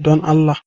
don Allah